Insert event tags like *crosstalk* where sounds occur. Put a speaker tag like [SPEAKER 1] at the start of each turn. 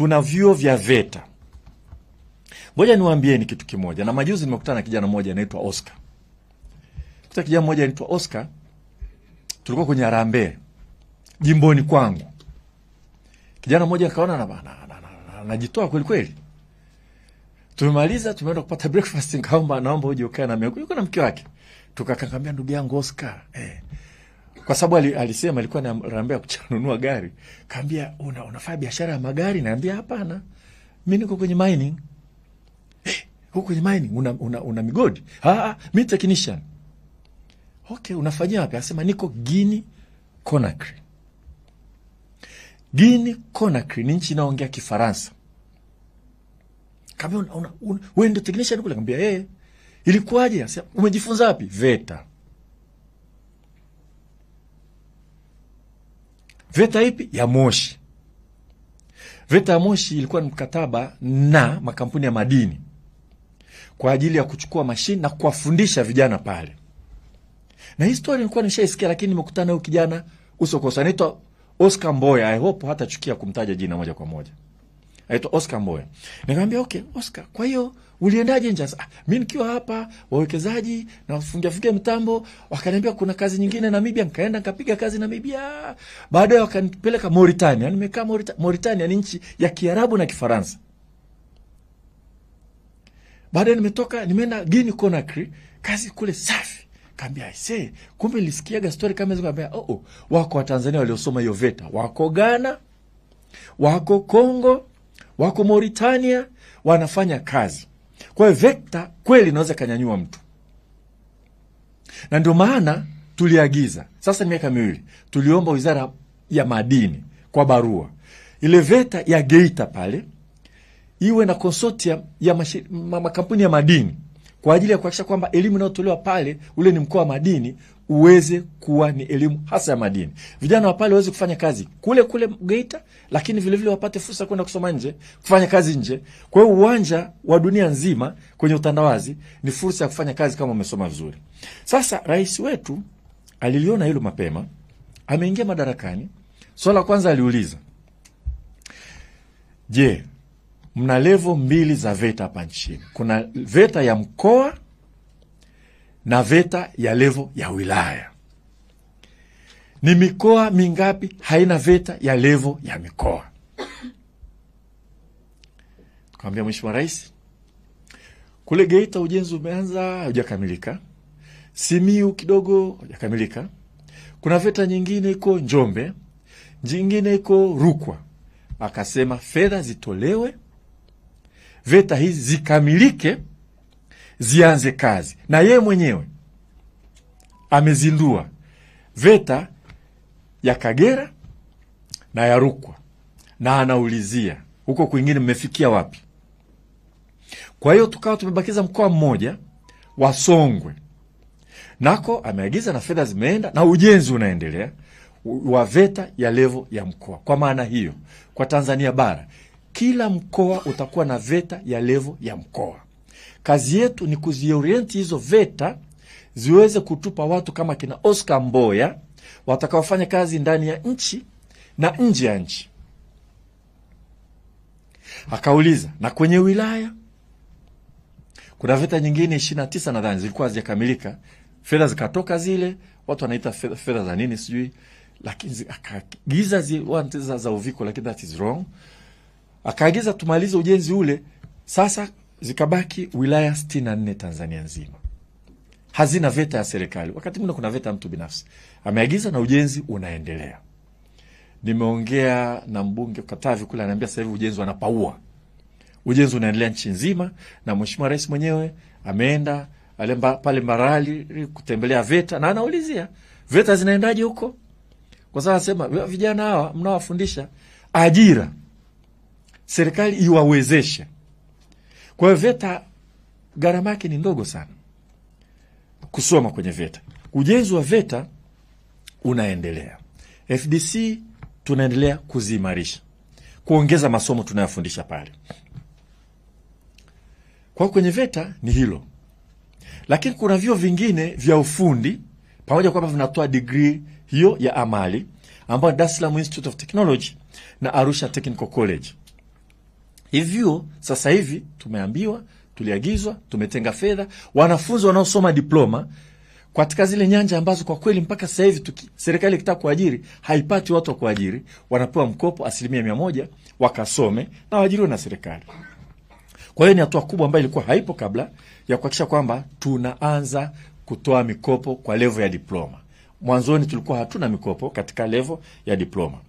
[SPEAKER 1] tuna vyuo vya VETA. Ngoja niwaambieni kitu kimoja, na majuzi nimekutana na kijana mmoja anaitwa Oscar. Kuta kijana mmoja anaitwa Oscar, tulikuwa kwenye Harambee jimboni kwangu. Kijana mmoja akaona anajitoa kweli kweli, tumemaliza tumeenda kupata breakfast, nikaomba naomba uje ukae na mke, yuko na mke wake, tukakangamia ndugu yangu Oscar eh kwa sababu alisema alikuwa naambia kuchanunua *laughs* gari, kaambia una, unafanya biashara ya magari? Naambia hapana, mi niko kwenye mining. Eh, huko kwenye mining una, una, una migodi? Ah, ah, mi technician. Okay, unafanyia wapi? Asema niko Guinea Conakry. Guinea Conakry ni nchi inaongea Kifaransa. Kaambia una, una, una, wewe ndio technician kule? Kaambia eh. Ilikuwaje? Asema umejifunza wapi? VETA. Veta ipi? Ya Moshi. Veta ya Moshi ilikuwa ni mkataba na makampuni ya madini kwa ajili ya kuchukua mashine na kuwafundisha vijana pale, na hii story nilikuwa nishaisikia, lakini nimekutana huyu kijana uso kwa uso, anaitwa Oscar Mboya. I hope hatachukia kumtaja jina moja kwa moja aitwa Oscar Mbowe. Nikamwambia ok Oscar, kwa hiyo uliendaje nje? Ah, mi nikiwa hapa wawekezaji nafungiafungia mtambo, wakaniambia kuna kazi nyingine Namibia, nkaenda nkapiga kazi Namibia. Baadaye wakanipeleka moritania yaani Nimekaa Mauritania, Mauritania ni nchi ya Kiarabu na Kifaransa. Baadaye nimetoka nimeenda Guinea Conakry, kazi kule safi. Kaambia aise, kumbe nilisikiaga story kama hizo. Kaambia oh, oh, wako Watanzania waliosoma hiyo VETA wako Ghana, wako Congo, wako Mauritania, wanafanya kazi. Kwa hiyo vekta kweli inaweza kanyanyua mtu, na ndio maana tuliagiza sasa, miaka miwili tuliomba wizara ya madini kwa barua ile vekta ya Geita pale iwe na konsortium ya makampuni ya madini kwa ajili ya kuhakikisha kwamba elimu inayotolewa pale, ule ni mkoa wa madini, uweze kuwa ni elimu hasa ya madini. Vijana wa pale waweze kufanya kazi kule kule Geita, lakini vilevile vile wapate fursa kwenda kusoma nje, kufanya kazi nje. Kwa hiyo uwanja wa dunia nzima kwenye utandawazi ni fursa ya kufanya kazi kama umesoma vizuri. Sasa rais wetu aliliona hilo mapema, ameingia madarakani. Swala la kwanza aliuliza, je, mna levo mbili za VETA hapa nchini. Kuna VETA ya mkoa na VETA ya levo ya wilaya. Ni mikoa mingapi haina VETA ya levo ya mikoa? Tukamwambia Mheshimiwa Rais, kule Geita ujenzi umeanza, haujakamilika. Simiu kidogo haujakamilika. Kuna VETA nyingine iko Njombe, nyingine iko Rukwa. Akasema fedha zitolewe VETA hizi zikamilike, zianze kazi. Na yeye mwenyewe amezindua VETA ya Kagera na ya Rukwa, na anaulizia huko kwingine mmefikia wapi? Kwa hiyo tukawa tumebakiza mkoa mmoja wa Songwe, nako ameagiza na fedha zimeenda na ujenzi unaendelea wa VETA ya levo ya mkoa. Kwa maana hiyo, kwa Tanzania bara kila mkoa utakuwa na VETA ya levo ya mkoa. Kazi yetu ni kuziorienti hizo VETA ziweze kutupa watu kama kina Oscar Mboya watakaofanya kazi ndani ya nchi na nje ya nchi. Akauliza, na kwenye wilaya kuna VETA nyingine ishirini na tisa nadhani zilikuwa hazijakamilika, fedha zikatoka zile, watu wanaita fedha za nini sijui, lakini akaagiza za Uviko, lakini that is wrong akaagiza tumalize ujenzi ule. Sasa zikabaki wilaya sitini na nne Tanzania nzima hazina VETA ya serikali, wakati mwingine kuna VETA ya mtu binafsi. Ameagiza na ujenzi unaendelea. Nimeongea na mbunge Katavi kule, anaambia sasa hivi ujenzi wanapaua, ujenzi unaendelea nchi nzima, na mheshimiwa rais mwenyewe ameenda alemba, pale Marali kutembelea VETA na anaulizia VETA zinaendaje huko, kwa sababu anasema vijana hawa mnawafundisha ajira serikali iwawezeshe. Kwa hiyo VETA gharama yake ni ndogo sana kusoma kwenye VETA. Ujenzi wa VETA unaendelea, FDC tunaendelea kuziimarisha, kuongeza masomo tunayofundisha pale. Kwa kwenye VETA ni hilo, lakini kuna vyuo vingine vya ufundi pamoja kwamba vinatoa digrii hiyo ya amali ambayo Dar es Salaam Institute of Technology na Arusha Technical College Hivyo sasa hivi tumeambiwa, tuliagizwa, tumetenga fedha, wanafunzi wanaosoma diploma katika zile nyanja ambazo kwa kweli mpaka sasa hivi serikali ikitaka kuajiri haipati watu wa kuajiri, wanapewa mkopo asilimia mia moja wakasome na waajiriwe na serikali. Kwa hiyo ni hatua kubwa ambayo ilikuwa haipo kabla ya kuhakikisha kwamba tunaanza kutoa mikopo kwa levo ya diploma. Mwanzoni tulikuwa hatuna mikopo katika levo ya diploma.